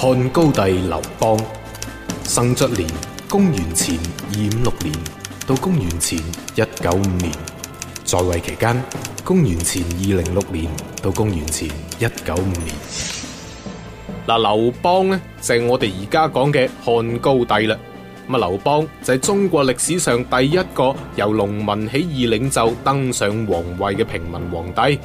漢高帝劉邦，生卒年公元前二五六年到公元前一九五年，在位期間公元前二零六年到公元前一九五年。嗱，劉邦呢，就係我哋而家講嘅漢高帝啦。咁啊，劉邦就係中國歷史上第一個由農民起義領袖登上皇位嘅平民皇帝。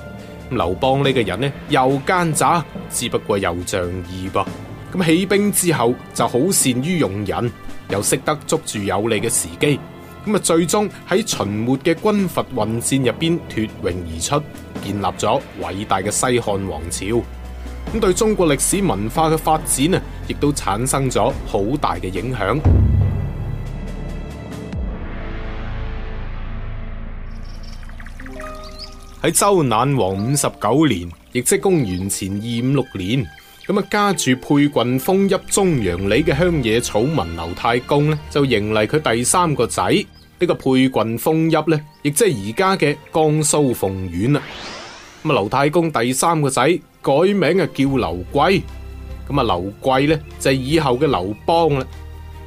咁，劉邦呢個人呢，又奸詐，只不過又仗義噃。咁起兵之後就好善於用人，又識得捉住有利嘅時機，咁啊最終喺秦末嘅軍閥混戰入邊脫穎而出，建立咗偉大嘅西漢王朝。咁對中國歷史文化嘅發展啊，亦都產生咗好大嘅影響。喺周赧王五十九年，亦即公元前二五六年。咁住配郡封邑中陽里嘅鄉野草民劉太公呢就迎嚟佢第三個仔，呢個配郡封邑呢，亦即係而家嘅江蘇鳳縣啊。咁啊，劉太公第三個仔改名啊叫劉貴，咁啊，劉貴呢就係以後嘅劉邦啦。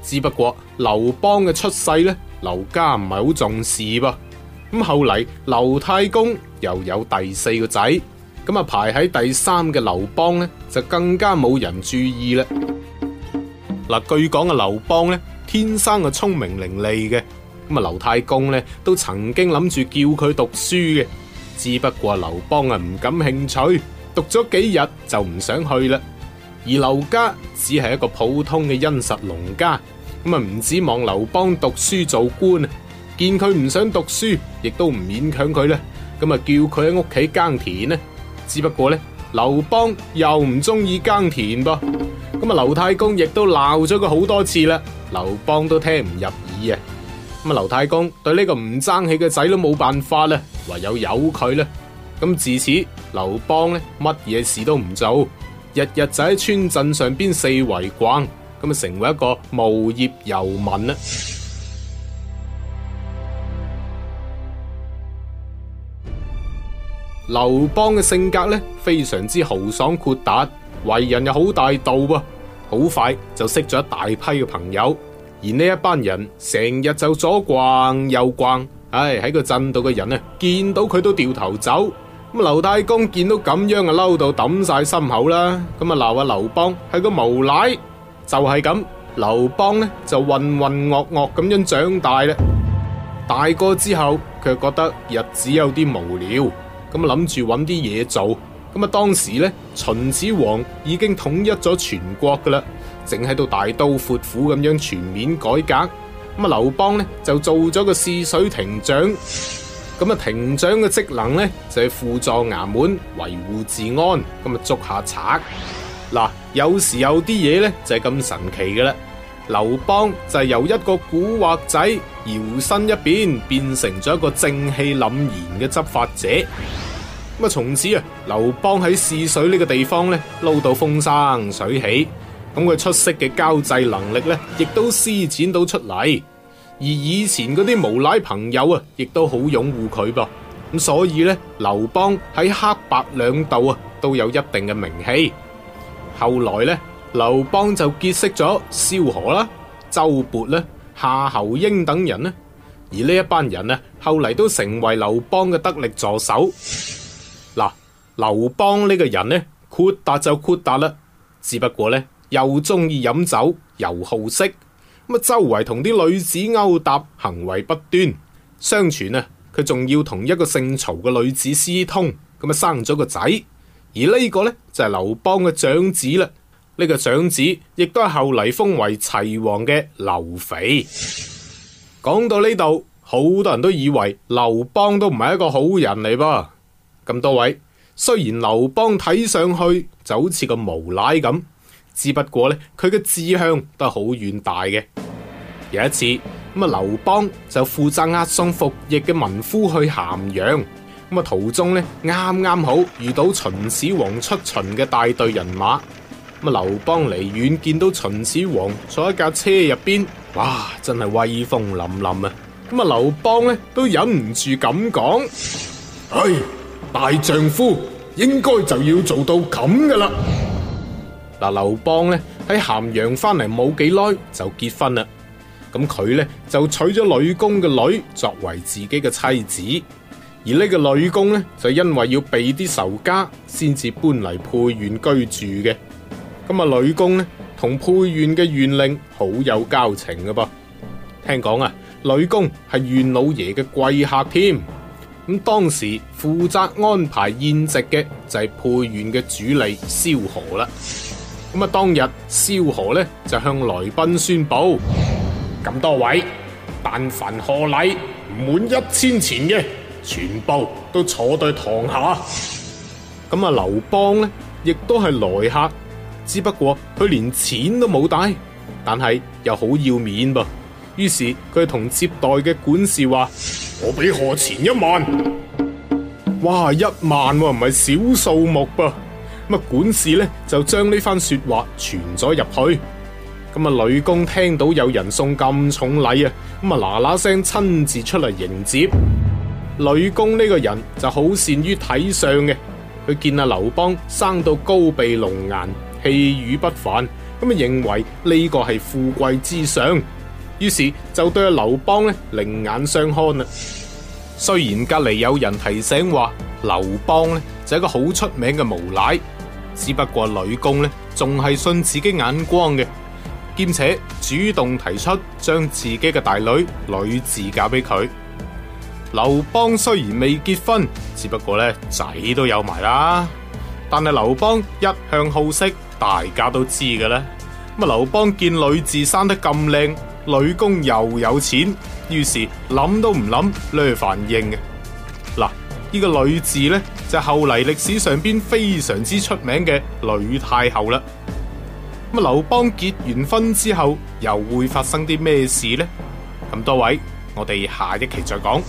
只不過劉邦嘅出世呢，劉家唔係好重視噃。咁後嚟劉太公又有第四個仔。咁啊，排喺第三嘅劉邦呢，就更加冇人注意啦。嗱，據講啊，劉邦呢，天生係聰明伶俐嘅，咁啊，劉太公呢，都曾經諗住叫佢讀書嘅，只不過劉邦啊唔感興趣，讀咗幾日就唔想去啦。而劉家只係一個普通嘅殷實農家，咁啊，唔指望劉邦讀書做官，見佢唔想讀書，亦都唔勉強佢啦。咁啊，叫佢喺屋企耕田呢？只不過咧，劉邦又唔中意耕田噃，咁啊劉太公亦都鬧咗佢好多次啦，劉邦都聽唔入耳啊，咁啊劉太公對呢個唔爭氣嘅仔都冇辦法啦，唯有由佢咧，咁自此劉邦咧乜嘢事都唔做，日日就喺村鎮上邊四圍逛，咁啊成為一個無業遊民啦。劉邦嘅性格呢，非常之豪爽豁達，為人又好大度噃、啊，好快就識咗一大批嘅朋友。而呢一班人成日就左逛右逛，唉、哎、喺個鎮度嘅人呢，見到佢都掉頭走。咁劉太公見到咁樣啊嬲，到抌晒心口啦，咁啊鬧阿劉邦係個無賴，就係、是、咁。劉邦呢，就混混噩噩咁樣長大啦。大個之後，佢覺得日子有啲無聊。咁啊諗住揾啲嘢做，咁啊當時咧秦始皇已經統一咗全國噶啦，淨喺度大刀闊斧咁樣全面改革，咁啊劉邦咧就做咗個泗水亭長，咁啊亭長嘅職能咧就係輔助衙門維護治安，咁啊捉下賊，嗱有時有啲嘢咧就係咁神奇噶啦。劉邦就由一個古惑仔搖身一變，變成咗一個正氣凛然嘅執法者。咁啊，從此啊，劉邦喺泗水呢個地方咧，撈到風生水起。咁佢出色嘅交際能力咧，亦都施展到出嚟。而以前嗰啲無賴朋友啊，亦都好擁護佢噃。咁所以呢，劉邦喺黑白兩道啊，都有一定嘅名氣。後來呢。劉邦就結識咗蕭何啦、周勃啦、夏侯嬰等人咧，而呢一班人呢，後嚟，都成為劉邦嘅得力助手。嗱，劉邦呢個人呢，豁達就豁達啦，只不過呢，又中意飲酒，又好色，咁啊周圍同啲女子勾搭，行為不端。相傳啊，佢仲要同一個姓曹嘅女子私通，咁啊生咗個仔，而呢個呢就係劉邦嘅長子啦。呢、這個長子亦都係後嚟封為齊王嘅劉肥。講到呢度，好多人都以為劉邦都唔係一個好人嚟噃。咁多位，雖然劉邦睇上去就好似個無賴咁，只不過呢，佢嘅志向都係好遠大嘅。有一次，咁啊劉邦就負責押送服役嘅民夫去咸陽。咁啊途中呢，啱啱好遇到秦始皇出巡嘅大隊人馬。咁啊！劉邦離遠見到秦始皇坐喺架車入邊，哇，真係威風凜凜啊！咁啊，劉邦咧都忍唔住咁講：唉、哎，大丈夫應該就要做到咁噶啦。嗱，劉邦咧喺咸陽翻嚟冇幾耐就結婚啦。咁佢咧就娶咗呂公嘅女，女作為自己嘅妻子，而這個呂公呢個呂公咧就因為要避啲仇家，先至搬嚟沛縣居住嘅。咁啊，呂公呢同沛縣嘅縣令好有交情嘅噃，聽講啊，呂公係縣老爺嘅貴客添。咁當時負責安排宴席嘅就係沛縣嘅主吏蕭何啦。咁啊，當日蕭何呢就向來賓宣布：咁多位，但凡賀禮唔滿一千錢嘅，全部都坐對堂下。咁啊，劉邦呢亦都係來客。只不過佢連錢都冇帶，但係又好要面噃、啊。於是佢同接待嘅管事話：我俾賀錢一萬。哇，一萬唔、啊、係小數目噃。咁啊，管事呢就將呢番說話傳咗入去。咁啊，呂公聽到有人送咁重禮啊，咁啊嗱嗱聲親自出嚟迎接。呂公呢個人就好善於睇相嘅，佢見阿劉邦生到高鼻龍顏。氣宇不凡，咁啊認為呢個係富貴之相，於是就對阿劉邦呢另眼相看啦。雖然隔籬有人提醒話劉邦呢就係一個好出名嘅無賴，只不過呂公呢仲係信自己眼光嘅，兼且主動提出將自己嘅大女呂雉嫁俾佢。劉邦雖然未結婚，只不過呢仔都有埋啦，但係劉邦一向好色，大家都知㗎啦。咁啊劉邦見呂雉生得咁靚，呂公又有錢，於是諗都唔諗，掠反應嘅。嗱，呢個呂雉呢，就係、後嚟歷史上邊非常之出名嘅呂太后啦。咁啊劉邦結完婚之後，又會發生啲咩事呢？咁多位，我哋下一期再講。